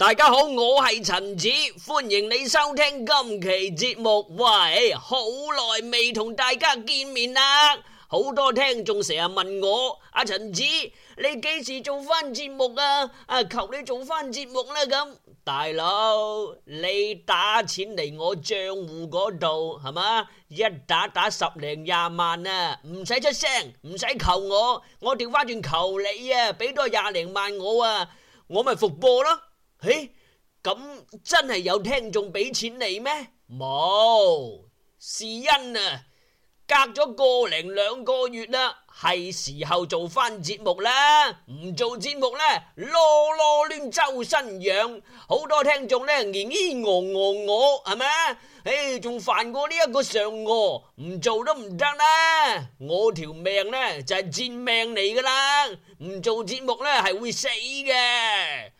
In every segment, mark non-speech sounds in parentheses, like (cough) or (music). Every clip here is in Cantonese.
大家好，我係陳子，歡迎你收聽今期節目。喂，好耐未同大家見面啦，好多聽眾成日問我阿陳子，你幾時做翻節目啊？啊，求你做翻節目啦！咁大佬，你打錢嚟我賬戶嗰度係嘛？一打打十零廿萬啊，唔使出聲，唔使求我，我掉翻轉求你啊，畀多廿零萬我啊，我咪復播咯。咁、欸、真係有聽眾俾錢你咩？冇，是因啊，隔咗個零兩個月啦，係時候做翻節目啦。唔做節目呢，囉囉攣周身癢，好多聽眾呢，年年昂昂惡係咪？誒，仲煩過呢一個上顎、呃，唔做都唔得啦。我條命呢，就係、是、賤命嚟噶啦，唔做節目呢，係會死嘅。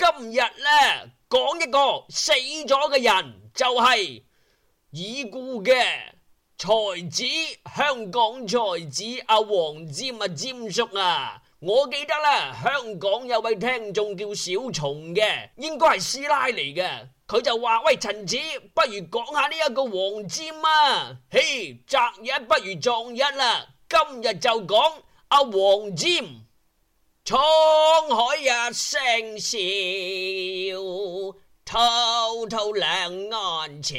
今日咧講一個死咗嘅人，就係、是、已故嘅才子，香港才子阿黃霑啊，霑叔啊，啊，我記得啦，香港有位聽眾叫小松嘅，應該係師奶嚟嘅，佢就話，喂，陳子，不如講下呢一個黃霑啊，嘿，擇日不如撞日啦，今日就講阿黃霑。滄海一聲笑，滔滔兩岸潮。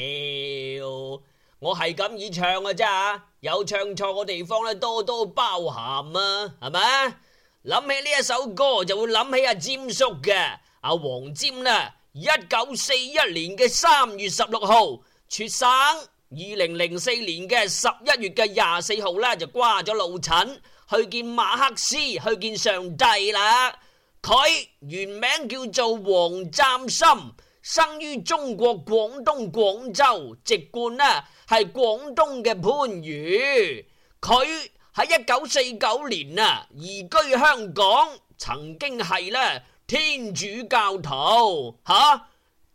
我係咁意唱嘅啫，有唱錯嘅地方咧，多多包涵啊，係咪？諗起呢一首歌，就會諗起阿、啊、霑叔嘅阿、啊、黃霑。呢一九四一年嘅三月十六號出生，二零零四年嘅十一月嘅廿四號咧就掛咗老陳。去見馬克思，去見上帝啦！佢原名叫做黃湛森，生於中國廣東廣州，籍貫呢係廣東嘅番禺。佢喺一九四九年啊移居香港，曾經係呢天主教徒吓。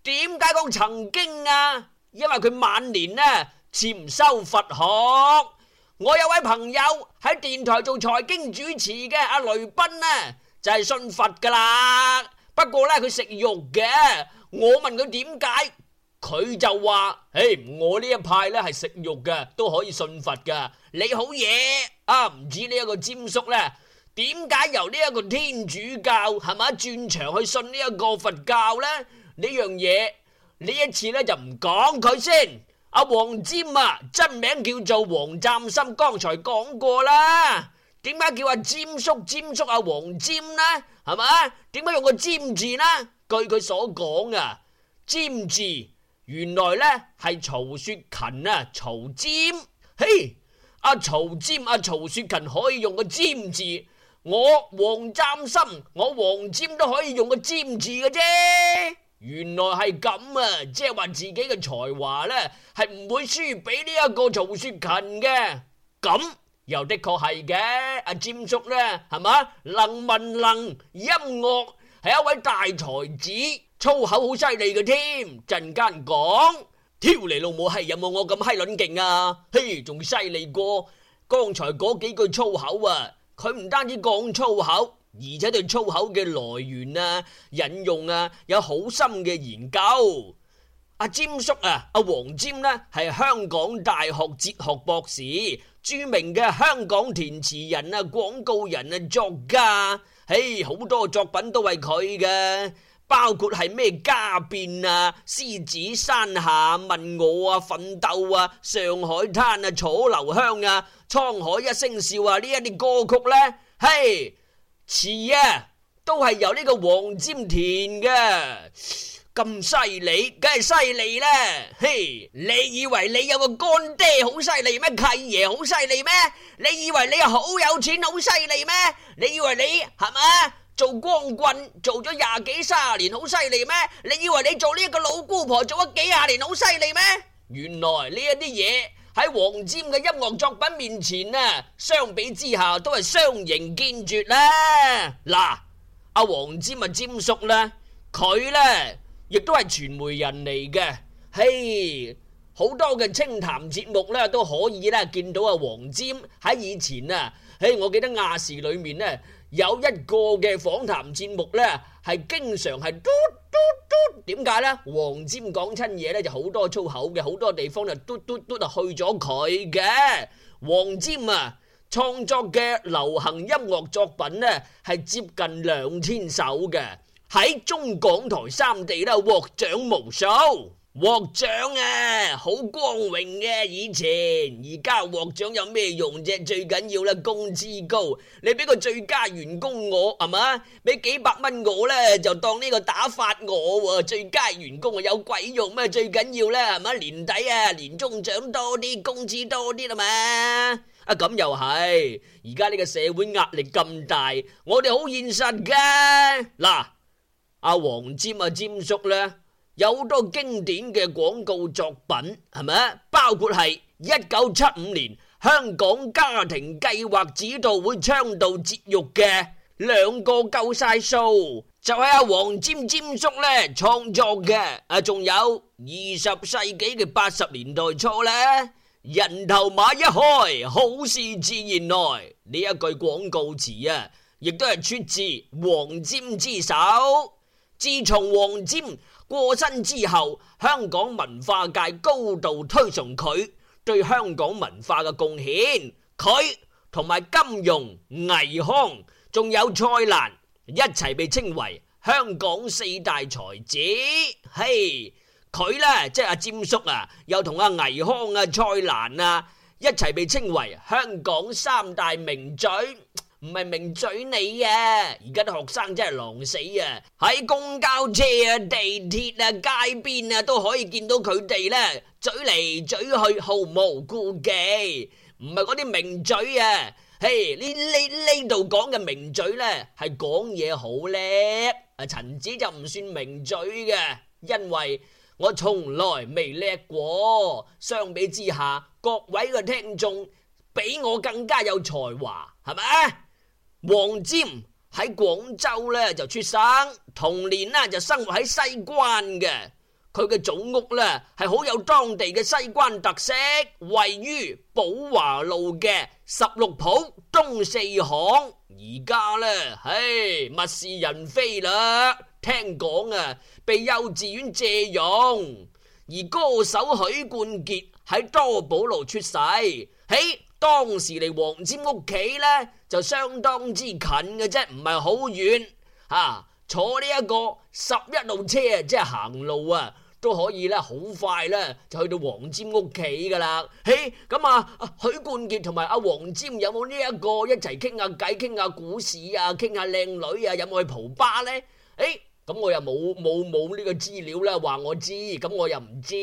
點解講曾經啊？因為佢晚年呢潛修佛學。我有位朋友。喺電台做財經主持嘅阿雷斌呢，就係、是、信佛噶啦，不過呢，佢食肉嘅。我問佢點解，佢就話：誒、hey,，我呢一派呢，係食肉嘅，都可以信佛噶。你好嘢啊，唔知呢一個霑叔呢。點解由呢一個天主教係咪轉場去信呢一個佛教呢？呢樣嘢呢一次呢，就唔講佢先。阿黃霑啊，真名叫做黃湛森，剛才講過啦。點解叫阿、啊、霑叔？霑叔阿黃霑呢？係咪啊？點解用個霑字呢？據佢所講啊，霑字原來呢係曹雪芹啊，曹霑。嘿，阿、啊、曹霑，阿、啊、曹雪芹可以用個霑字，我黃湛森，我黃霑都可以用個霑字嘅啫。原來係咁啊！即係話自己嘅才華呢，係唔會輸俾呢一個曹雪芹嘅。咁又的確係嘅。阿、啊、霑叔呢，係嘛能文能音樂，係一位大才子，粗口好犀利嘅添。陣間講，挑嚟老母，係有冇我咁閪卵勁啊？嘿，仲犀利過剛才嗰幾句粗口啊！佢唔單止講粗口。而且對粗口嘅來源啊、引用啊有好深嘅研究。阿霑叔啊，阿黃霑呢係香港大學哲學博士，著名嘅香港填詞人啊、廣告人啊、作家。嘿，好多作品都係佢嘅，包括係咩《家變》啊、《獅子山下》問我啊、奮鬥啊、上海灘啊、楚留香啊、滄海一聲笑啊呢一啲歌曲呢，嘿。詞啊，都係由呢個黃霑填噶咁犀利，梗係犀利啦。嘿，你以為你有個乾爹好犀利咩？契爺好犀利咩？你以為你好有錢好犀利咩？你以為你係咪？做光棍做咗廿幾卅年好犀利咩？你以為你做呢一個老姑婆做咗幾廿年好犀利咩？原來呢一啲嘢。喺黃霑嘅音樂作品面前啊，相比之下都係相形見絀啦。嗱，阿黃霑啊，霑叔啦，佢咧亦都係傳媒人嚟嘅。嘿，好多嘅清談節目咧都可以咧見到阿黃霑喺以前啊，嘿，我記得亞視裏面咧有一個嘅訪談節目咧。係經常係嘟嘟嘟，點解咧？黃霑講親嘢咧，就好多粗口嘅，好多地方就嘟嘟嘟啊去咗佢嘅。黃霑啊，創作嘅流行音樂作品咧，係接近兩千首嘅，喺中港台三地都獲獎無數。獲獎啊，好光榮嘅！以前而家、啊、獲獎有咩用啫？最緊要啦，工資高，你俾個最佳員工我係嘛？俾幾百蚊我呢，就當呢個打發我喎。最佳員工啊，有鬼用咩？最緊要呢，係嘛？年底啊，年終獎多啲，工資多啲啦嘛？啊咁又係，而家呢個社會壓力咁大，我哋好現實嘅。嗱，阿黃霑啊霑、啊、叔呢。有好多經典嘅廣告作品，係咪包括係一九七五年香港家庭計劃指導會倡導節育嘅兩個夠晒數，就係阿黃霑霑叔咧創作嘅。啊，仲有二十世紀嘅八十年代初咧，人頭馬一開好事自然來呢一句廣告詞啊，亦都係出自黃霑之手。自從黃霑過身之後，香港文化界高度推崇佢對香港文化嘅貢獻，佢同埋金庸、倪匡，仲有蔡瀾一齊被稱為香港四大才子。嘿，佢呢，即係阿占叔啊，又同阿倪匡啊、蔡瀾啊一齊被稱為香港三大名嘴。唔係名嘴你啊！而家啲學生真係狼死啊！喺公交車啊、地鐵啊、街邊啊，都可以見到佢哋呢。嘴嚟嘴去，毫無顧忌。唔係嗰啲名嘴啊，嘿，呢呢度講嘅名嘴呢係講嘢好叻啊。陳子就唔算名嘴嘅，因為我從來未叻過。相比之下，各位嘅聽眾比我更加有才華，係咪？黃霑喺廣州呢就出生，童年呢就生活喺西關嘅。佢嘅祖屋呢係好有當地嘅西關特色，位於寶華路嘅十六鋪東四巷。而家呢，唉，物是人非啦。聽講啊，被幼稚園借用。而歌手許冠傑喺多寶路出世，喺當時嚟，黃霑屋企呢。就相當之近嘅啫，唔係好遠啊！坐呢一個十一路車啊，即係行路啊，都可以咧，好快啦，就去到黃霑屋企噶啦。嘿、欸，咁啊，許、啊、冠傑同埋阿黃霑有冇呢一個一齊傾下偈、傾下股市啊、傾下靚女啊、有冇去蒲吧呢？誒、欸，咁我又冇冇冇呢個資料啦，話我知，咁我又唔知，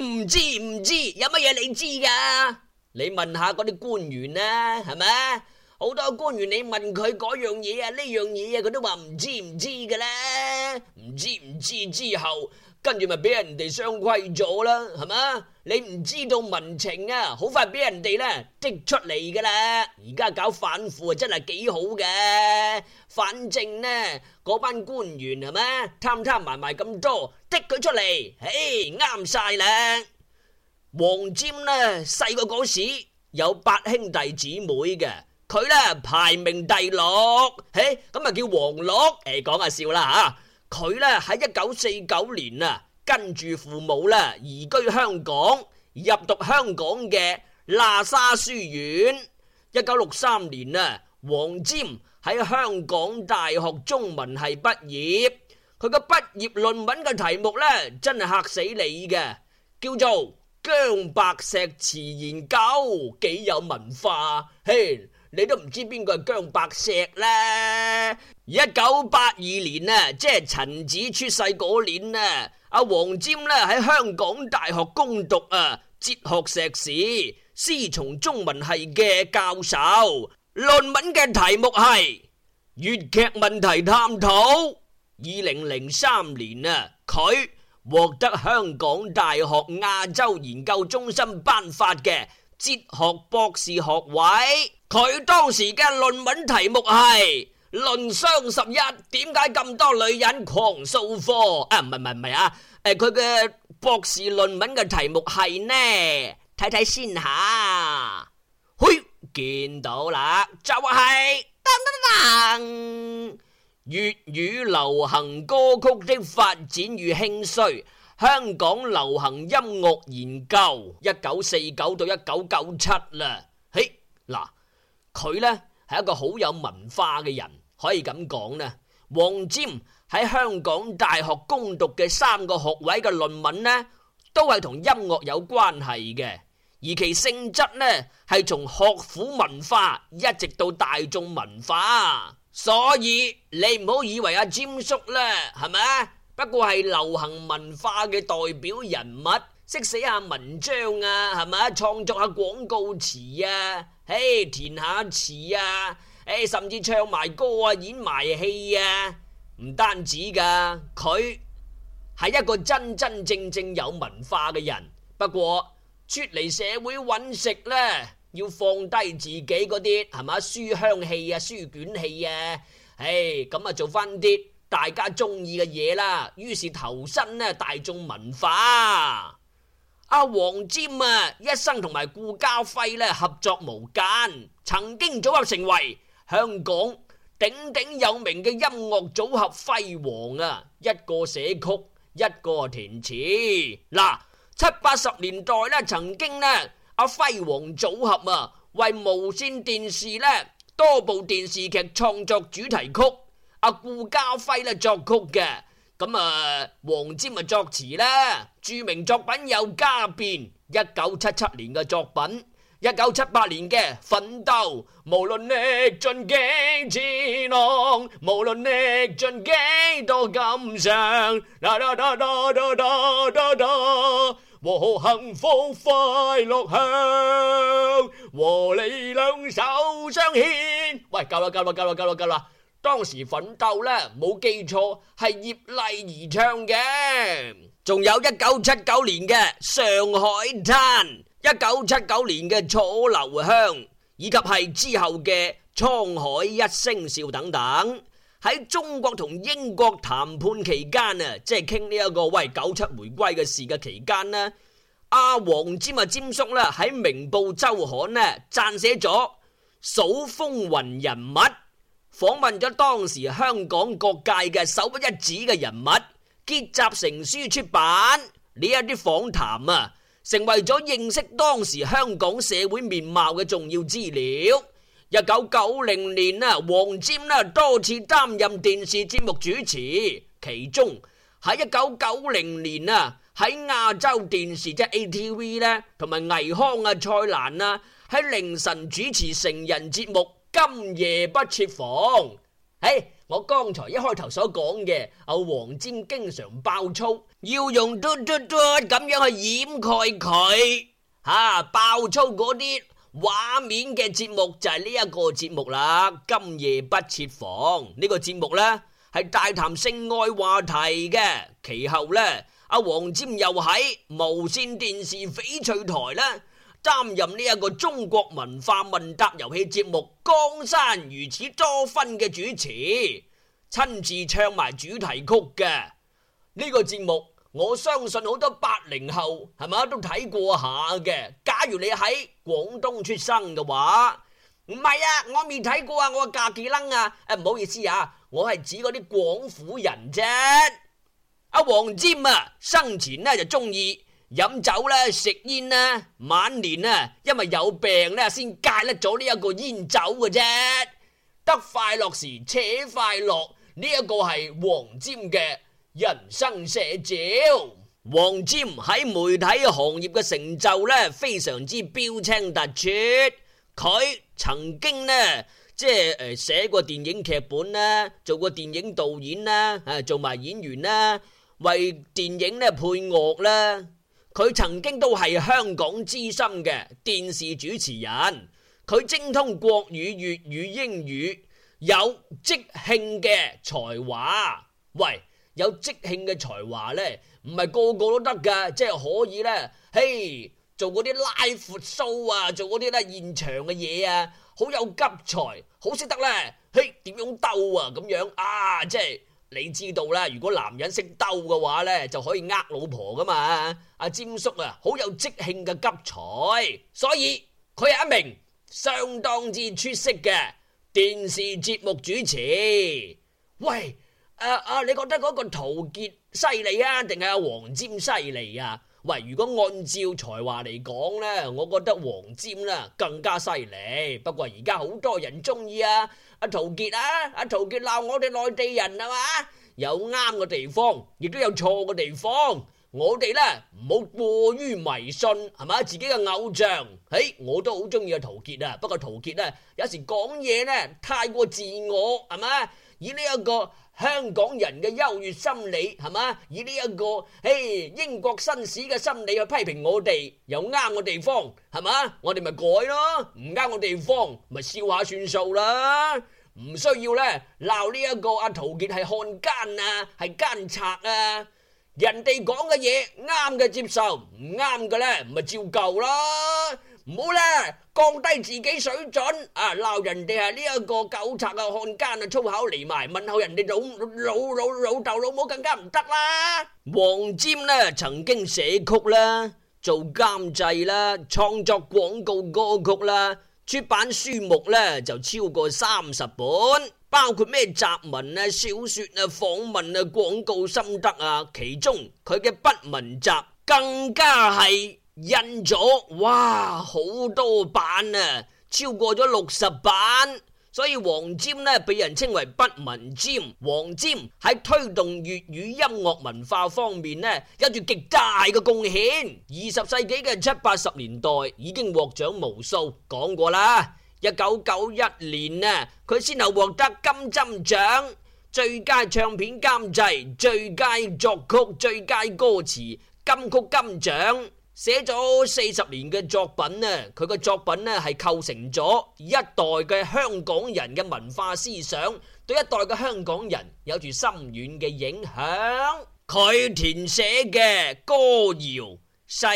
唔知唔知，有乜嘢你知噶？你問下嗰啲官員呢、啊，係咪？好多官員，你問佢嗰樣嘢啊，呢樣嘢啊，佢都話唔知唔知噶啦，唔知唔知之後，跟住咪俾人哋雙規咗啦，係嘛？你唔知道民情啊，好快俾人哋咧，滴出嚟噶啦。而家搞反腐啊，真係幾好嘅。反正咧，嗰班官員係咩貪貪埋埋咁多，滴佢出嚟，嘿啱晒啦。黃霑咧細個嗰時有八兄弟姊妹嘅。佢咧排名第六，咁啊，叫黃樂。誒，講下笑啦吓。佢咧喺一九四九年啊，跟住父母咧移居香港，入讀香港嘅喇沙書院。一九六三年啊，黃霑喺香港大學中文系畢業。佢個畢業論文嘅題目咧，真係吓死你嘅，叫做《姜白石詞研究》，幾有文化，嘿。你都唔知邊個係姜白石啦。一九八二年啊，即係陳子出世嗰年啊。阿黃霑咧喺香港大學攻讀啊哲學碩士，師從中文系嘅教授。論文嘅題目係粵劇問題探討。二零零三年啊，佢獲得香港大學亞洲研究中心頒發嘅哲學博士學位。佢當時嘅論文題目係論雙十一點解咁多女人狂掃貨啊？唔係唔係唔係啊！誒，佢嘅博士論文嘅題目係呢？睇睇先下，嘿，見到啦，就係噹噹噹噹，粵語流行歌曲的發展與興衰，香港流行音樂研究，一九四九到一九九七啦，嘿嗱。佢呢係一個好有文化嘅人，可以咁講呢，黃霑喺香港大學攻讀嘅三個學位嘅論文呢，都係同音樂有關係嘅，而其性質呢，係從學府文化一直到大眾文化，所以你唔好以為阿、啊、霑叔呢，係咪？不過係流行文化嘅代表人物，識寫下文章啊，係咪？創作下廣告詞啊？嘿，hey，填下詞啊，誒，甚至唱埋歌啊，演埋戲啊，唔單止噶，佢係一個真真正正有文化嘅人。不過出嚟社會揾食呢，要放低自己嗰啲係嘛，書香氣啊，書卷氣啊，唉，咁啊做翻啲大家中意嘅嘢啦。於是投身呢大眾文化。阿黃霑啊，一生同埋顧嘉輝咧合作無間，曾經組合成為香港鼎鼎有名嘅音樂組合輝黃」。啊，一個寫曲，一個填詞。嗱，七八十年代咧，曾經咧阿輝黃組合啊，為無線電視咧多部電視劇創作主題曲，阿、啊、顧嘉輝咧作曲嘅。咁啊，黃霑啊作詞啦，著名作品又加變，一九七七年嘅作品，一九七八年嘅《奮鬥》，無論歷盡幾之難，無論歷盡幾多艱險，啦啦啦啦啦啦啦啦，和好幸福快樂響，和你兩手相牽，喂，夠啦夠啦夠啦夠啦夠啦！當時奮鬥啦，冇記錯係葉麗儀唱嘅，仲有1979年嘅《上海灘》，1979年嘅《楚留香》，以及係之後嘅《滄海一聲笑》等等。喺中國同英國談判期間啊，即係傾呢一個喂九七回歸嘅事嘅期間呢，阿黃霑啊，霑叔呢喺《明報周刊》呢撰寫咗數風雲人物。訪問咗當時香港各界嘅首屈一指嘅人物，結集成書出版。呢一啲訪談啊，成為咗認識當時香港社會面貌嘅重要資料。一九九零年啊，黃霑啦多次擔任電視節目主持，其中喺一九九零年啊，喺亞洲電視即係 ATV 咧，同埋倪匡啊、蔡瀾啊，喺凌晨主持成人節目。今夜不設防，hey, 我剛才一開頭所講嘅阿黃霑經常爆粗，要用嘟嘟嘟咁樣去掩蓋佢吓爆粗嗰啲畫面嘅節目就係呢一個節目啦。今夜不設防呢個節目呢，係大談性愛話題嘅，其後呢，阿黃霑又喺無線電視翡翠台呢。擔任呢一個中國文化問答遊戲節目《江山如此多紛》嘅主持，親自唱埋主題曲嘅呢、這個節目，我相信好多八零後係咪都睇過下嘅？假如你喺廣東出生嘅話，唔係啊，我未睇過啊，我嫁幾愣啊？誒、呃，唔好意思啊，我係指嗰啲廣府人啫。阿、啊、黃霑啊，生前呢就中意飲酒啦，食煙啦，晚年啊，因為有病咧，先戒得咗呢一個煙酒嘅啫。得快樂時且快樂，呢、這、一個係黃霑嘅人生寫照。黃霑喺媒體行業嘅成就咧，非常之標青突出。佢曾經咧，即係誒、呃、寫過電影劇本啦，做過電影導演啦，啊做埋演員啦，為電影咧配樂啦。佢曾經都係香港資深嘅電視主持人，佢精通國語、粵語、英語，有即興嘅才華。喂，有即興嘅才華呢？唔係個個都得㗎，即係可以呢。嘿，做嗰啲拉闊 show 啊，做嗰啲呢現場嘅嘢啊，好有急才，好識得呢。嘿，點樣鬥啊？咁樣啊，即係。你知道啦，如果男人識兜嘅話呢，就可以呃老婆㗎嘛。阿、啊、霑叔啊，好有即興嘅急才，所以佢係一名相當之出色嘅電視節目主持。喂，誒、呃、誒，你覺得嗰個陶傑犀利啊，定係阿黃霑犀利啊？喂，如果按照才華嚟講咧，我覺得黃霑啦更加犀利。不過而家好多人中意啊，阿陶傑啊，阿陶傑鬧我哋內地人係嘛，有啱嘅地方，亦都有錯嘅地方。我哋咧唔好過於迷信係嘛，自己嘅偶像。誒，我都好中意阿陶傑啊，不過陶傑咧有時講嘢咧太過自我係嘛，以呢一個。香港人嘅優越心理係嘛，以呢一個誒英國紳士嘅心理去批評我哋，有啱嘅地方係嘛，我哋咪改咯；唔啱嘅地方咪笑下算數啦，唔需要咧鬧呢一個阿陶傑係漢奸啊，係奸賊啊，人哋講嘅嘢，啱嘅接受，唔啱嘅咧咪照舊啦。唔好啦，降低自己水準啊！鬧人哋係呢一個狗賊啊、漢奸啊，粗口嚟埋，問候人哋老老老老豆老母更加唔得啦。黃霑呢，曾經寫曲啦，做監製啦，創作廣告歌曲啦，出版書目呢就超過三十本，包括咩雜文呢、啊、小說啊、訪問啊、廣告心得啊，其中佢嘅不文集更加係。印咗哇，好多版啊，超過咗六十版，所以黃霑呢，被人稱為不文霑。黃霑喺推動粵語音樂文化方面呢，有住極大嘅貢獻。二十世紀嘅七八十年代已經獲獎無數，講過啦。一九九一年呢，佢先後獲得金針獎、最佳唱片監製、最佳作曲、最佳歌詞、金曲金獎。寫咗四十年嘅作品呢，佢嘅作品呢係構成咗一代嘅香港人嘅文化思想，對一代嘅香港人有住深遠嘅影響。佢填寫嘅歌謠《世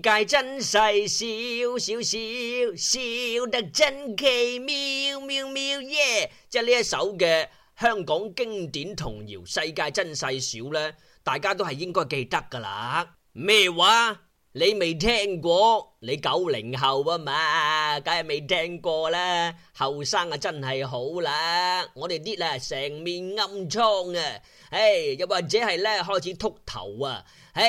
界真細小，小小小，小小得真奇妙，妙妙妙耶》，即係呢一首嘅香港經典童謠《世界真細小》呢，大家都係應該記得噶啦。咩話？你未聽過？你九零後啊嘛，梗係未聽過啦。後生啊真係好啦，我哋啲啊成面暗瘡啊，唉，又或者係咧開始禿頭啊，唉，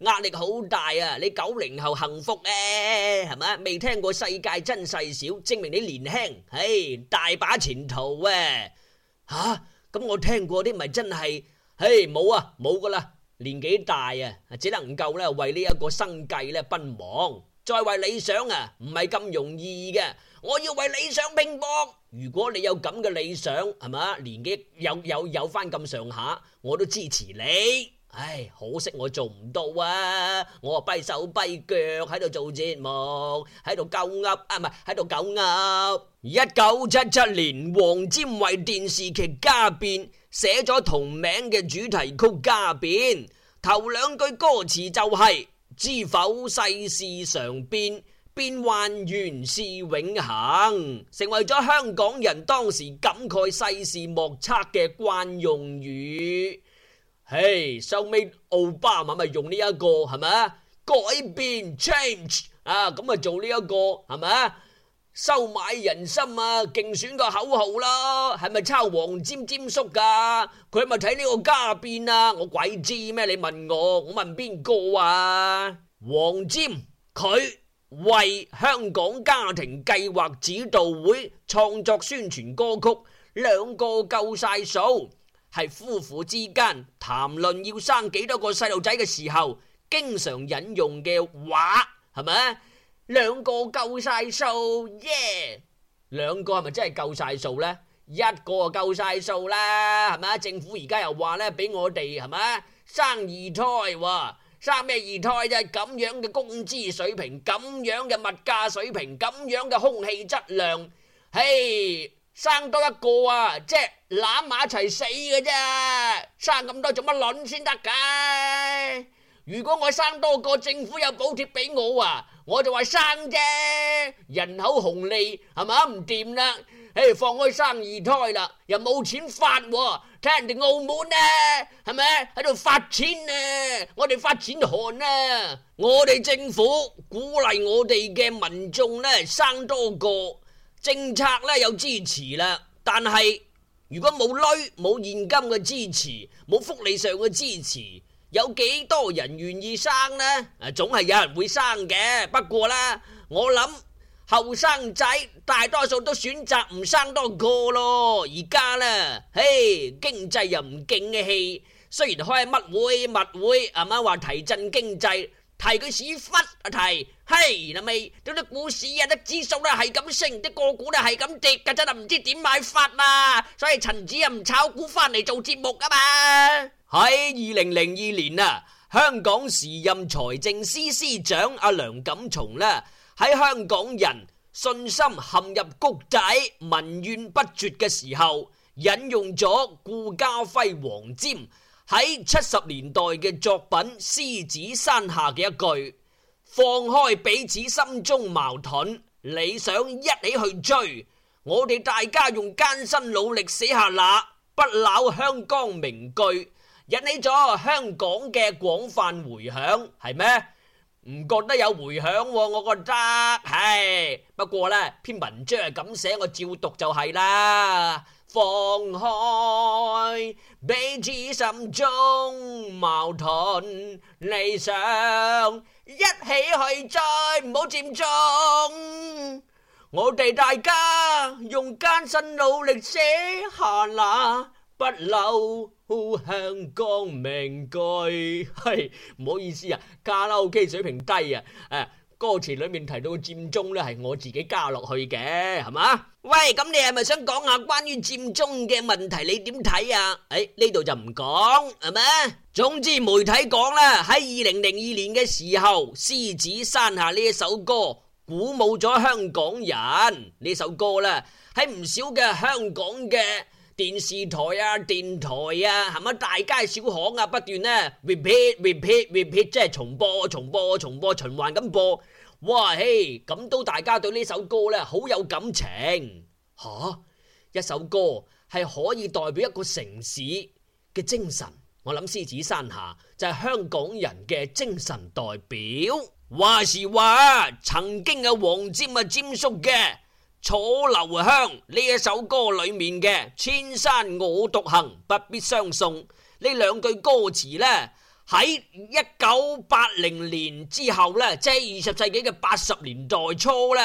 壓力好大啊。你九零後幸福咧、啊，係嘛？未聽過世界真細小，證明你年輕，唉，大把前途啊。吓、啊，咁我聽過啲咪真係，唉，冇啊，冇噶啦。年紀大啊，只能夠咧為呢一個生計咧奔忙，再為理想啊唔係咁容易嘅。我要為理想拼搏。如果你有咁嘅理想，係嘛？年紀有有有翻咁上下，我都支持你。唉，可惜我做唔到啊！我啊跛手跛腳喺度做節目，喺度鳩噏啊，唔係喺度鳩噏。一九七七年，黃霑為電視劇家變，寫咗同名嘅主題曲家變，頭兩句歌詞就係、是、知否世事常變，變幻原是永恒，成為咗香港人當時感慨世事莫測嘅慣用語。嘿，收尾奧巴馬咪用呢、這、一個係咪改變 change 啊，咁、嗯、啊做呢、這、一個係咪收買人心啊！競選個口號啦，係咪抄黃霑霑叔㗎？佢咪睇呢個家變啊？我鬼知咩？你問我，我問邊個啊？黃霑佢為香港家庭計劃指導會創作宣傳歌曲，兩個夠晒數，係夫婦之間談論要生幾多個細路仔嘅時候，經常引用嘅話係咪？兩個夠晒數，耶！兩個係咪真係夠晒數呢？一個夠晒數啦，係咪啊？政府而家又話咧，俾我哋係咪生二胎？生咩二胎啫？咁樣嘅工資水平，咁樣嘅物價水平，咁樣嘅空氣質量，嘿，生多一個啊，即係攬埋一齊死嘅啫！生咁多做乜卵先得嘅？如果我生多個，政府有補貼俾我啊！我就話生啫，人口紅利係嘛，唔掂啦，唉，放開生二胎啦，又冇錢發。哦，睇人哋澳門呢，啊，係咪喺度發錢啊？我哋發錢寒啊！ (noise) 我哋政府鼓勵我哋嘅民眾呢，生多個政策呢，有支持啦，但係如果冇女冇現金嘅支持，冇福利上嘅支持。有幾多人願意生呢？啊，總係有人會生嘅。不過呢，我諗後生仔大多數都選擇唔生多個咯。而家呢，嘿，經濟又唔景氣，雖然開乜會乜會，阿媽話提振經濟。係佢屎忽啊！提嘿，嗱咪，啲股市啊，啲指數咧係咁升，啲個股咧係咁跌，噶，真係唔知點買法啦。所以陳主任炒股翻嚟做節目啊嘛。喺二零零二年啊，香港時任財政司司長阿梁錦松咧，喺香港人信心陷入谷底、民怨不絕嘅時候，引用咗顧嘉輝、黃霑，喺七十年代嘅作品《獅子山下》嘅一句，放開彼此心中矛盾，理想一起去追，我哋大家用艱辛努力寫下那不朽香江名句，引起咗香港嘅廣泛回響，係咩？唔覺得有回響，啊？我覺得，唉，不過呢篇文章係咁寫，我照讀就係啦。放開彼此心中矛盾理想，一起去追，唔好佔中。我哋大家用艱辛努力寫下那不朽香江名句。係唔好意思啊，卡拉 OK 水平低啊，啊，歌詞裏面提到嘅佔中呢，係我自己加落去嘅，係嘛？喂，咁你係咪想講下關於佔中嘅問題？你點睇啊？誒，呢度就唔講係咪？總之媒體講啦，喺二零零二年嘅時候，《獅子山下》呢一首歌鼓舞咗香港人呢首歌啦，喺唔少嘅香港嘅電視台啊、電台啊，係咪？大街小巷啊，不斷咧 repeat repeat repeat，即係重播、重播、重播循環咁播。哇嘿！咁都大家對呢首歌呢好有感情嚇，一首歌係可以代表一個城市嘅精神。我諗獅子山下就係香港人嘅精神代表。話時話，曾經有黃霑啊，霑叔嘅《楚留香》呢一首歌裏面嘅“千山我獨行，不必相送”呢兩句歌詞呢，喺一九八零年之後呢，即係二十世紀嘅八十年代初呢，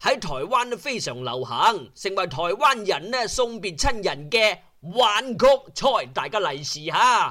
喺台灣都非常流行，成為台灣人呢送別親人嘅挽曲。蔡，大家嚟時吓，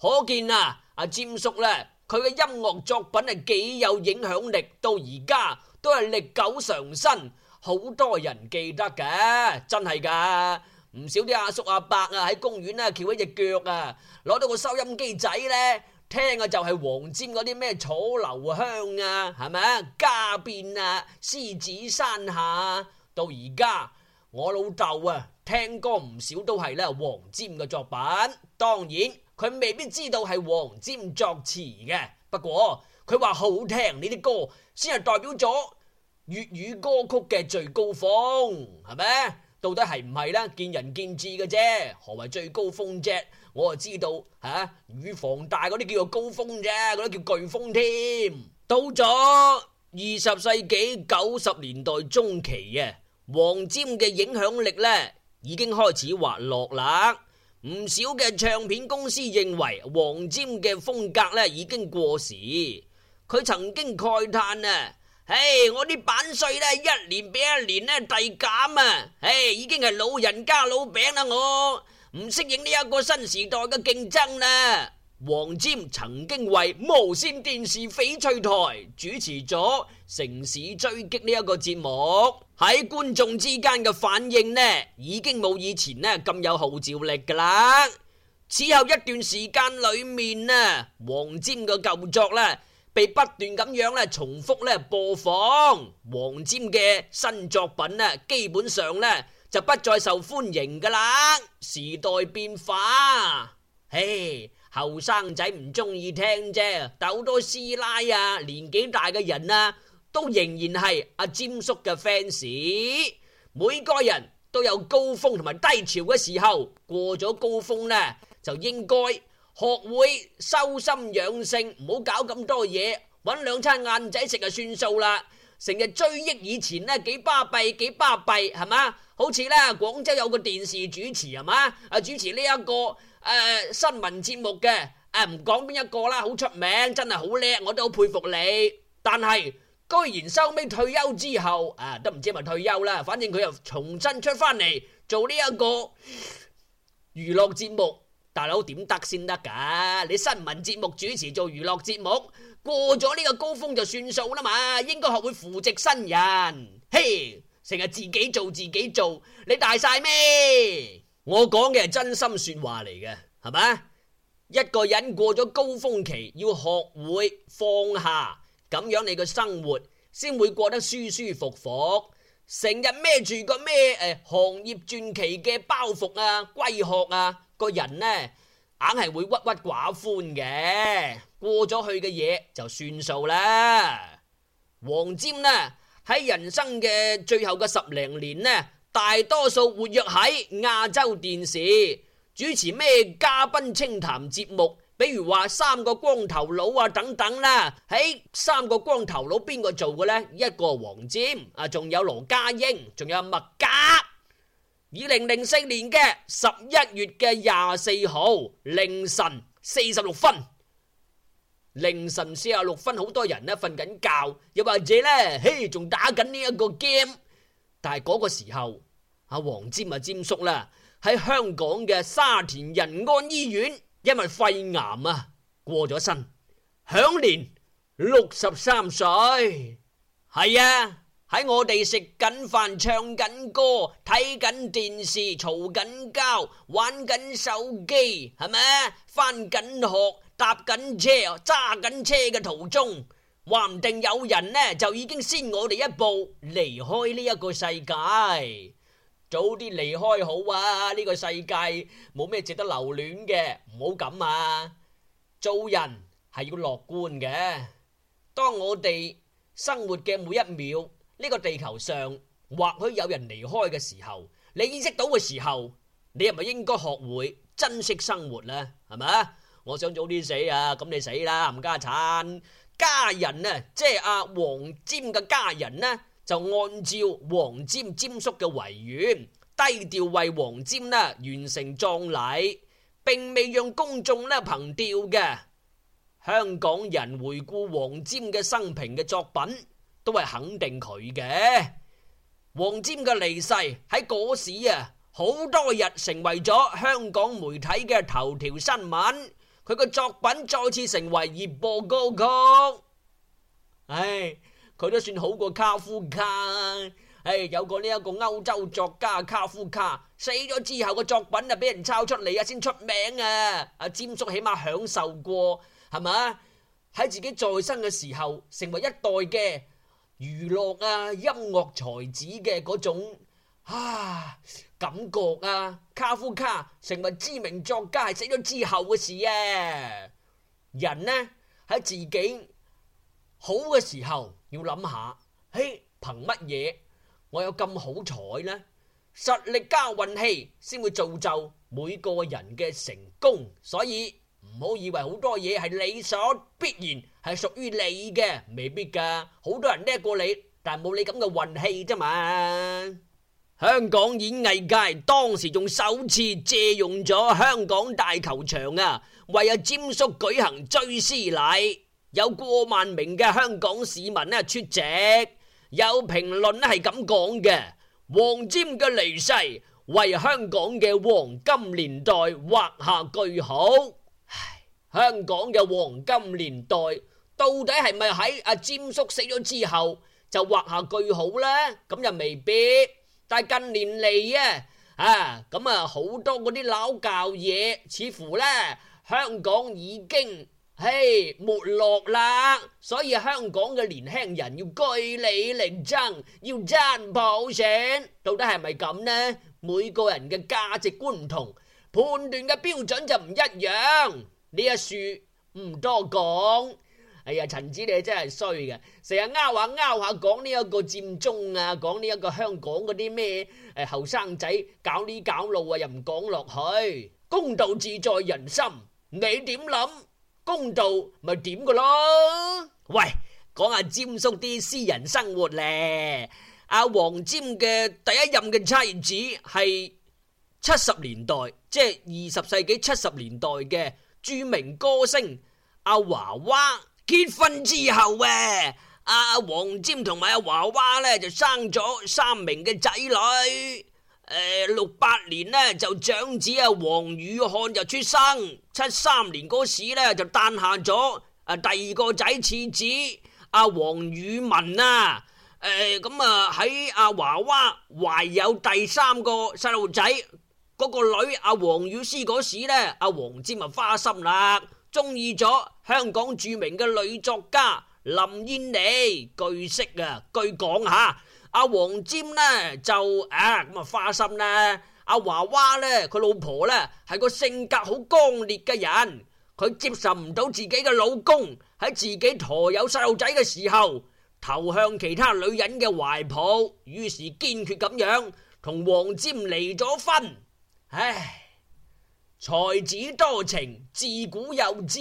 可見啊，阿霑叔呢，佢嘅音樂作品係幾有影響力，到而家都係歷久常新，好多人記得㗎，真係噶。唔少啲阿叔阿伯啊，喺公園呢，翹一隻腳啊，攞到個收音機仔呢。聽嘅就係黃霑嗰啲咩楚留香啊，係咪啊？家變啊，獅子山下，到而家我老豆啊聽歌唔少都係咧黃霑嘅作品，當然佢未必知道係黃霑作詞嘅，不過佢話好聽呢啲歌先係代表咗粵語歌曲嘅最高峰，係咪？到底係唔係咧？見仁見智嘅啫，何謂最高峰啫？我就知道嚇、啊，乳房大嗰啲叫做高峰啫，嗰啲叫巨峰添。到咗二十世紀九十年代中期嘅，黃霑嘅影響力咧已經開始滑落啦。唔少嘅唱片公司認為黃霑嘅風格咧已經過時。佢曾經慨嘆啊，嘿、hey，我啲版稅咧一年比一年咧遞減啊，唉、hey，已經係老人家老餅啦我。唔適應呢一個新時代嘅競爭啦。黃霑曾經為無綫電視翡翠台主持咗《城市追擊》呢一個節目，喺觀眾之間嘅反應呢，已經冇以前呢咁有號召力噶啦。此後一段時間裏面呢，黃霑嘅舊作呢，被不斷咁樣呢重複呢播放。黃霑嘅新作品呢，基本上呢。就不再受歡迎噶啦，時代變化，嘿，後生仔唔中意聽啫，但係好多師奶啊，年紀大嘅人啦，都仍然係阿霑叔嘅 fans。每個人都有高峰同埋低潮嘅時候，過咗高峰呢，就應該學會修心養性，唔好搞咁多嘢，搵兩餐晏仔食就算數啦。成日追憶以前呢，幾巴閉，幾巴閉，係嘛？好似呢，廣州有個電視主持，係嘛？啊，主持呢、這個呃啊、一個誒新聞節目嘅，誒唔講邊一個啦，好出名，真係好叻，我都好佩服你。但係居然收尾退休之後，啊，都唔知咪退休啦，反正佢又重新出翻嚟做呢、這、一個娛樂節目。大佬點得先得噶？你新聞節目主持做娛樂節目，過咗呢個高峰就算數啦嘛？應該學會扶植新人，嘿，成日自己做自己做，你大晒咩？我講嘅係真心說話嚟嘅，係咪？一個人過咗高峰期，要學會放下，咁樣你嘅生活先會過得舒舒服服。成日孭住個咩誒？行業傳奇嘅包袱啊，龜殼啊！個人呢，硬係會鬱鬱寡歡嘅，過咗去嘅嘢就算數啦。黃霑呢喺人生嘅最後嘅十零年呢，大多數活躍喺亞洲電視主持咩嘉賓清談節目，比如話三個光頭佬啊等等啦。喺三個光頭佬邊個做嘅呢？一個黃霑啊，仲有羅家英，仲有麥嘉。二零零四年嘅十一月嘅廿四號凌晨四十六分，凌晨四十六分，好多人呢瞓緊覺，又或者呢，嘿，仲打緊呢一個 game。但係嗰個時候，阿黃霑啊霑叔啦，喺香港嘅沙田仁安醫院，因為肺癌啊過咗身，享年六十三歲。係呀啊。喺我哋食緊飯、唱緊歌、睇緊電視、嘈緊交、玩緊手機，係咪？返緊學、搭緊車、揸緊車嘅途中，話唔定有人呢就已經先我哋一步離開呢一個世界，早啲離開好啊！呢個世界冇咩值得留戀嘅，唔好咁啊！做人係要樂觀嘅。當我哋生活嘅每一秒。呢個地球上或許有人離開嘅時候，你意識到嘅時候，你係咪應該學會珍惜生活呢？係咪啊？我想早啲死啊！咁你死啦，冚家鏟。家人呢？即係阿黃霑嘅家人呢？就按照黃霑霑叔嘅遺願，低調為黃霑呢完成葬禮，並未讓公眾呢憑弔嘅。香港人回顧黃霑嘅生平嘅作品。都係肯定佢嘅。黃霑嘅離世喺嗰時啊，好多日成為咗香港媒體嘅頭條新聞。佢個作品再次成為熱播歌曲。唉，佢都算好過卡夫卡。唉，有個呢一個歐洲作家卡夫卡死咗之後嘅作品啊，就俾人抄出嚟啊，先出名啊。阿、啊、霑叔起碼享受過，係咪喺自己在生嘅時候成為一代嘅。娛樂啊，音樂才子嘅嗰種啊感覺啊，卡夫卡成為知名作家係死咗之後嘅事啊。人呢喺自己好嘅時候要諗下，嘿，憑乜嘢我有咁好彩呢？實力加運氣先會造就每個人嘅成功，所以唔好以為好多嘢係理所必然。係屬於你嘅，未必噶。好多人叻過你，但係冇你咁嘅運氣啫嘛。香港演藝界當時仲首次借用咗香港大球場啊，為阿霑叔舉行追思禮，有過萬名嘅香港市民咧出席。有評論咧係咁講嘅，黃霑嘅離世為香港嘅黃金年代畫下句號。唉，香港嘅黃金年代。到底係咪喺阿詹叔死咗之後就畫下句號呢？咁又未必。但係近年嚟啊，啊咁啊，好多嗰啲老舊嘢，似乎呢，香港已經唉沒落啦。所以香港嘅年輕人要據理力爭，要爭普選。到底係咪咁呢？每個人嘅價值觀唔同，判斷嘅標準就唔一樣。呢一說唔多講。哎呀，陳子你真係衰嘅，成日拗下拗下，講呢一個佔中啊，講呢一個香港嗰啲咩誒後生仔搞呢搞路啊，又唔講落去。公道自在人心，你點諗？公道咪點㗎咯。喂，講下霑叔啲私人生活咧。阿黃霑嘅第一任嘅妻子係七十年代，即係二十世紀七十年代嘅著名歌星阿華娃。結婚之後啊，阿黃霑同埋阿華娃咧就生咗三名嘅仔女。誒、呃，六八年呢，就長子阿黃宇漢就出生。七三年嗰時呢，就誕下咗啊第二個仔次子阿黃宇文啊。誒、呃、咁、嗯、啊喺阿華娃懷有第三個細路仔嗰個女阿黃宇詩嗰時呢，阿黃霑啊就花心啦。中意咗香港著名嘅女作家林燕妮。據悉啊，據講吓，阿黃霑呢就誒咁啊花心啦，阿華娃呢佢老婆呢係個性格好剛烈嘅人，佢接受唔到自己嘅老公喺自己陀有細路仔嘅時候，投向其他女人嘅懷抱，於是堅決咁樣同黃霑離咗婚，唉。才子多情，自古有之。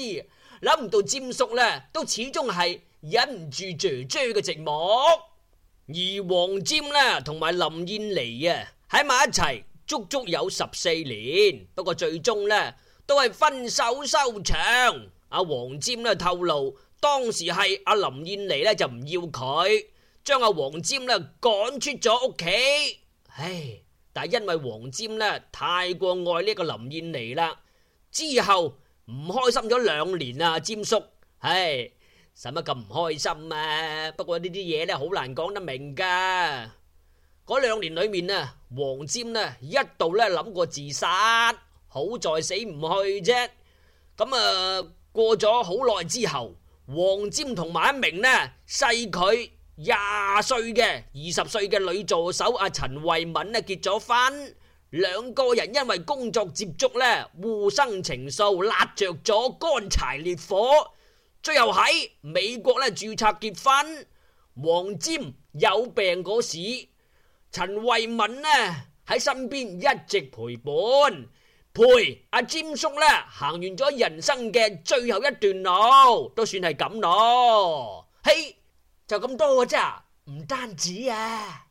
諗唔到霑叔咧，都始終係忍唔住姐姐嘅寂寞。而黃霑咧同埋林燕妮啊喺埋一齊足足有十四年，不過最終咧都係分手收場。阿黃霑咧透露，當時係阿林燕妮咧就唔要佢，將阿黃霑咧趕出咗屋企。唉。但係因為黃沾咧太過愛呢一個林燕妮啦，之後唔開心咗兩年啦，霑叔，唉，使乜咁唔開心啊？不過呢啲嘢咧好難講得明噶。嗰兩年裏面啊，黃霑咧一度咧諗過自殺，好在死唔去啫。咁啊過咗好耐之後，黃霑同埋一名咧細佢廿歲嘅二十歲嘅女助手阿陳慧敏呢結咗婚，兩個人因為工作接觸呢互生情愫，辣着咗乾柴烈火，最後喺美國呢注冊結婚。黃霑有病嗰時，陳慧敏呢喺身邊一直陪伴，陪阿霑叔呢行完咗人生嘅最後一段路，都算係咁咯，嘿、hey,。就咁多嘅、啊、啫，唔單止啊！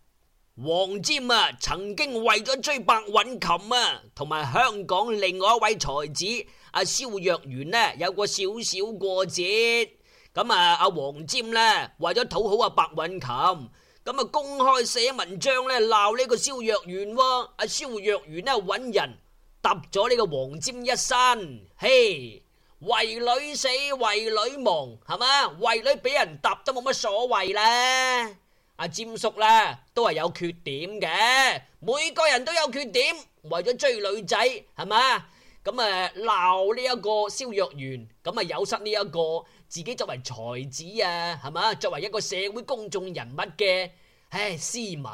黃霑啊，曾經為咗追白韻琴啊，同埋香港另外一位才子阿蕭、啊、若元呢，有個少少過節。咁、嗯、啊，阿黃霑呢為咗討好阿白韻琴，咁、嗯、啊公開寫文章呢鬧呢個蕭若元、啊。阿、啊、蕭若元呢，揾人揼咗呢個黃霑一身，嘿、hey!。為女死，為女亡，係嘛？為女俾人搭都冇乜所謂啦。阿詹叔啦，都係有缺點嘅，每個人都有缺點。為咗追女仔，係嘛？咁誒鬧呢一個蕭若元，咁啊有失呢一個自己作為才子啊，係嘛？作為一個社會公眾人物嘅，唉，斯文，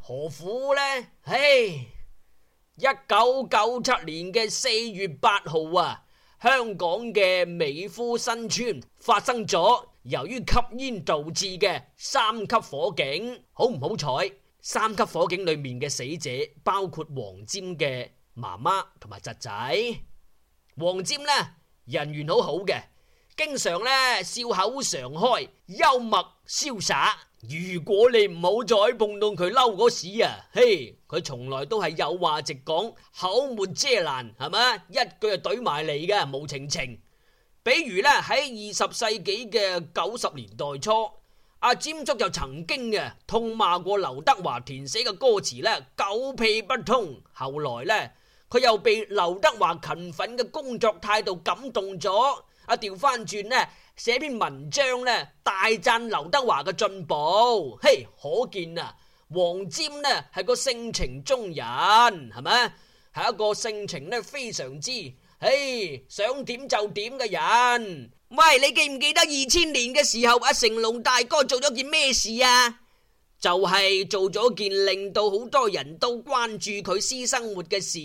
何苦呢？唉，一九九七年嘅四月八號啊！香港嘅美孚新村發生咗由於吸煙導致嘅三級火警，好唔好彩？三級火警裏面嘅死者包括黃霑嘅媽媽同埋侄仔。黃霑呢，人緣好好嘅，經常呢笑口常開，幽默瀟灑。如果你唔好再碰到佢嬲嗰時啊！嘿，佢從來都係有話直講，口沒遮攔，係咪？一句就懟埋你嘅無情情。比如咧喺二十世紀嘅九十年代初，阿霑叔就曾經嘅痛罵過劉德華填寫嘅歌詞咧狗屁不通。後來咧佢又被劉德華勤奮嘅工作態度感動咗，阿調翻轉咧。寫篇文章呢，大讚劉德華嘅進步，嘿，可見啊，黃霑呢係個性情中人，係咪？係一個性情呢非常之，嘿，想點就點嘅人。喂，你記唔記得二千年嘅時候，阿、啊、成龍大哥做咗件咩事啊？就係、是、做咗件令到好多人都關注佢私生活嘅事，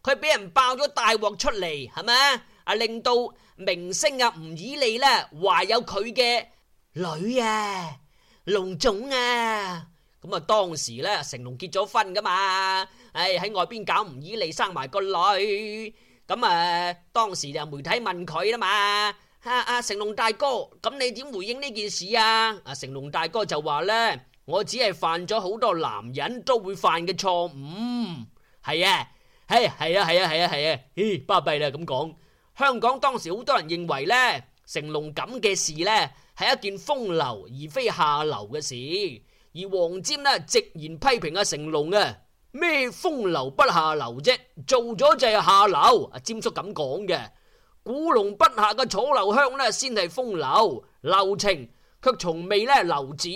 佢俾人爆咗大鑊出嚟，係咪？啊！令到明星啊，吳綺莉咧，懷有佢嘅女啊，龍種啊。咁啊，當時咧，成龍結咗婚噶嘛，誒喺外邊搞吳綺莉生埋個女。咁啊，當時就媒體問佢啦嘛，阿阿成龍大哥，咁你點回應呢件事啊？阿成龍大哥就話咧，我只係犯咗好多男人都會犯嘅錯誤，係啊，係係啊，係啊，係啊，係啊，嘿巴閉啦咁講。香港當時好多人認為呢，成龍咁嘅事呢，係一件風流而非下流嘅事。而黃霑呢，直言批評阿、啊、成龍啊：「咩風流不下流啫，做咗就係下流。阿、啊、霑叔咁講嘅古龍筆下嘅楚留香呢，先係風流留情，流卻從未呢，「留子。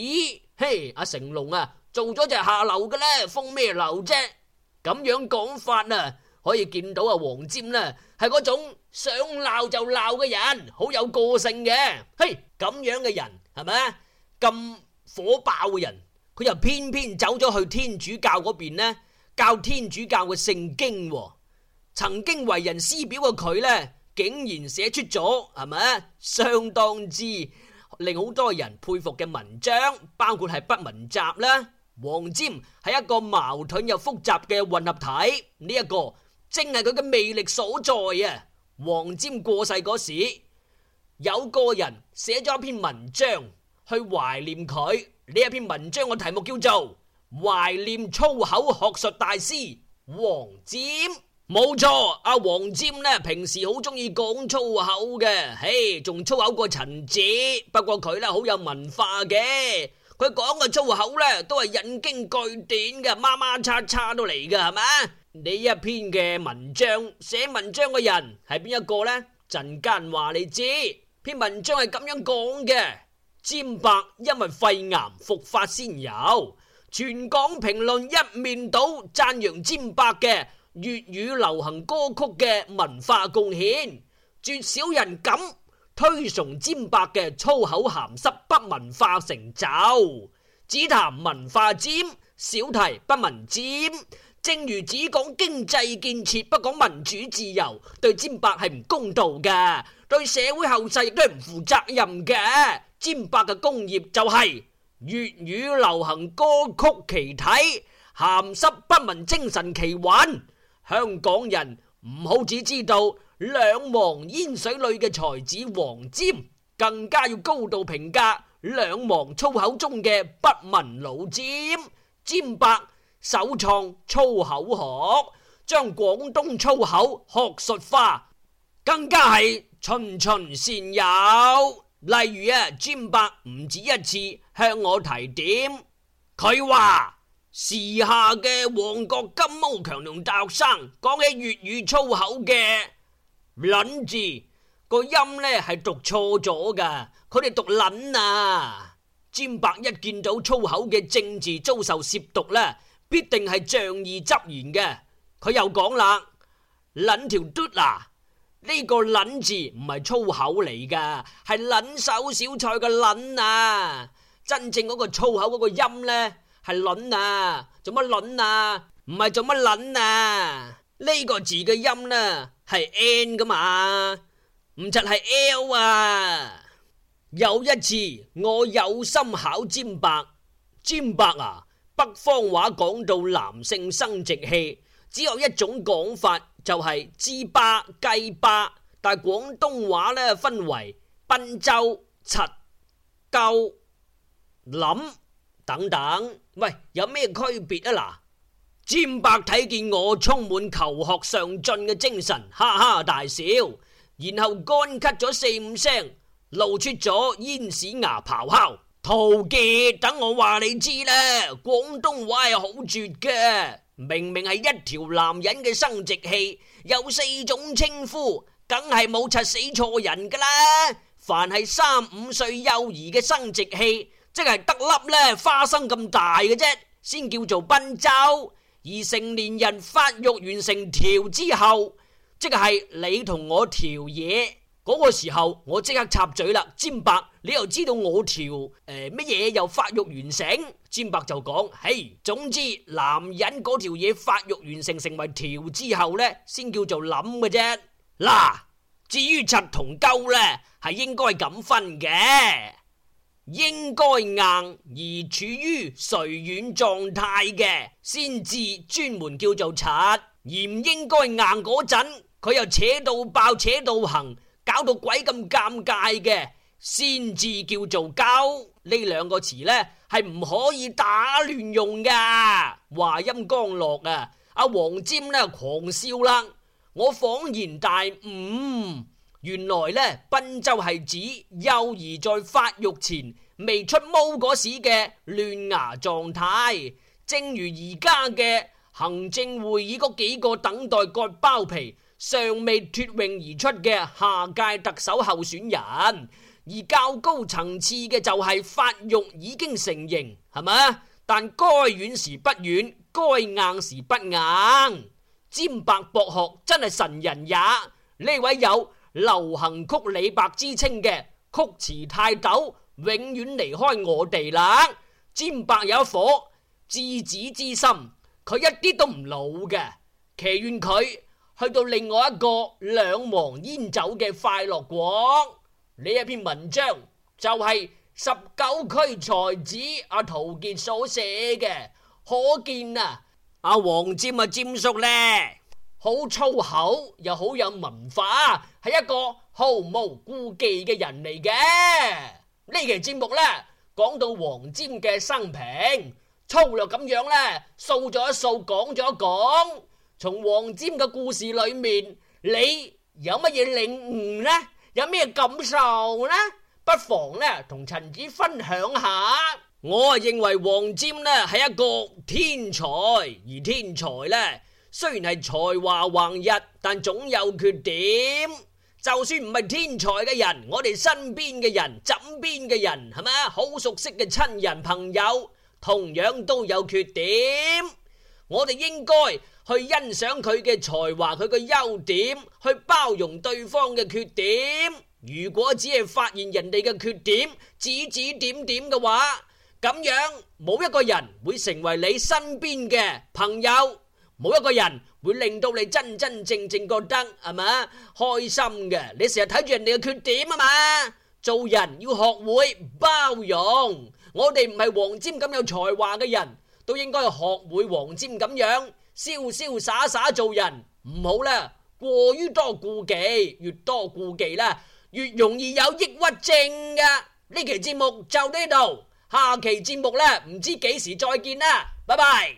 嘿，阿、啊、成龍啊，做咗就係下流嘅呢，風咩流啫？咁樣講法啊，可以見到阿黃霑咧係嗰種想鬧就鬧嘅人，好有個性嘅。嘿，咁樣嘅人係咪啊？咁火爆嘅人，佢又偏偏走咗去天主教嗰邊呢？教天主教嘅聖經喎，曾經為人師表嘅佢呢，竟然寫出咗係咪啊？相當之令好多人佩服嘅文章，包括係《不文集》啦。黃霑係一個矛盾又複雜嘅混合體，呢一個正係佢嘅魅力所在啊！黃霑過世嗰時，有個人寫咗一篇文章去懷念佢。呢一篇文章嘅題目叫做《懷念粗口學術大師黃霑》。冇錯，阿黃霑呢平時好中意講粗口嘅，嘿，仲粗口過陳子。不過佢呢好有文化嘅，佢講嘅粗口呢都係引經據典嘅，孖孖叉叉都嚟嘅，係咪啊？呢一篇嘅文章，寫文章嘅人係邊一個呢？陣間話你知，篇文章係咁樣講嘅。霑伯因為肺癌復發先有全港評論一面倒讚揚霑伯嘅粵語流行歌曲嘅文化貢獻，絕少人敢推崇霑伯嘅粗口鹹濕不文化成就，只談文化霑，少提不文霑。正如只講經濟建設，不講民主自由，對霑伯係唔公道噶，對社會後世亦都係唔負責任噶。霑伯嘅工業就係粵語流行歌曲其體，咸濕不文精神其韻。香港人唔好只知道兩忘煙水裏嘅才子黃霑，更加要高度評價兩忘粗口中嘅不文老霑霑伯。首創粗口學，將廣東粗口學術化，更加係循循善誘。例如啊，詹伯唔止一次向我提點，佢話時下嘅旺角金毛強龍大學生講起粵語粗口嘅“冧”字個音呢係讀錯咗噶，佢哋讀“冧”啊。詹伯一見到粗口嘅“正”字遭受褻瀆呢。必定係仗義執言嘅，佢又講啦，撚條嘟啊，呢個撚字唔係粗口嚟噶，係撚手小菜嘅撚啊！真正嗰個粗口嗰個音咧係撚啊，做乜撚啊？唔係做乜撚啊？呢個字嘅音咧係 n 噶嘛，唔柒係 l 啊！有一次我有心考尖白，尖白啊！北方話講到男性生殖器，只有一種講法，就係滋巴雞巴。Ba, ba, 但係廣東話呢，分為賓州、柒、鳩、諗等等。喂，有咩區別啊？嗱，霑伯睇見我充滿求學上進嘅精神，哈哈大笑，然後乾咳咗四五聲，露出咗煙屎牙咆哮。陶傑，等我話你知啦，廣東話係好絕嘅。明明係一條男人嘅生殖器，有四種稱呼，梗係冇柒死錯人噶啦。凡係三五歲幼兒嘅生殖器，即係得粒咧花生咁大嘅啫，先叫做賓周。而成年人發育完成條之後，即係你同我條嘢。嗰個時候，我即刻插嘴啦。尖白，你又知道我條誒乜嘢又發育完成？尖白就講：，嘿，總之男人嗰條嘢發育完成，成為條之後呢，先叫做諗嘅啫。嗱，至於七同鳩，呢，係應該咁分嘅。應該硬而處於隨軟狀態嘅，先至專門叫做七，而唔應該硬嗰陣，佢又扯到爆，扯到行。搞到鬼咁尷尬嘅，先至叫做交。呢兩個詞呢，係唔可以打亂用噶。話音剛落啊，阿黃霑咧狂笑啦。我恍然大悟，嗯，原來呢，賓周係指幼兒在發育前未出毛嗰時嘅亂牙狀態，正如而家嘅行政會議嗰幾個等待割包皮。尚未脫穎而出嘅下屆特首候選人，而較高層次嘅就係發育已經成型。係咪？但該軟時不軟，該硬時不硬。詹伯博學，真係神人也。呢位有流行曲李白之稱嘅曲詞泰斗，永遠離開我哋啦。詹伯有一顆稚子之心，佢一啲都唔老嘅，祈願佢。去到另外一個兩忘煙酒嘅快樂廣。呢一篇文章就係十九區才子阿陶傑所寫嘅，可見啊阿黃霑啊霑叔呢，好粗口又好有文化，係一個毫無顧忌嘅人嚟嘅。呢期節目呢，講到黃霑嘅生平粗略咁樣呢，掃咗一掃講咗一講。從黃霑嘅故事裏面，你有乜嘢領悟呢？有咩感受呢？不妨呢同陳子分享下。我啊認為黃霑呢係一個天才，而天才呢雖然係才華橫溢，但總有缺點。就算唔係天才嘅人，我哋身邊嘅人、枕邊嘅人係咪？好熟悉嘅親人朋友，同樣都有缺點。我哋應該。去欣賞佢嘅才華，佢嘅優點去包容對方嘅缺點。如果只係發現人哋嘅缺點，指指點點嘅話，咁樣冇一個人會成為你身邊嘅朋友，冇一個人會令到你真真正正覺得係咪開心嘅。你成日睇住人哋嘅缺點啊嘛，做人要學會包容。我哋唔係黃霑咁有才華嘅人都應該學會黃霑咁樣。瀟瀟灑灑做人唔好啦，過於多顧忌，越多顧忌啦，越容易有抑鬱症㗎。呢期節目就呢度，下期節目咧唔知幾時再見啦，拜拜。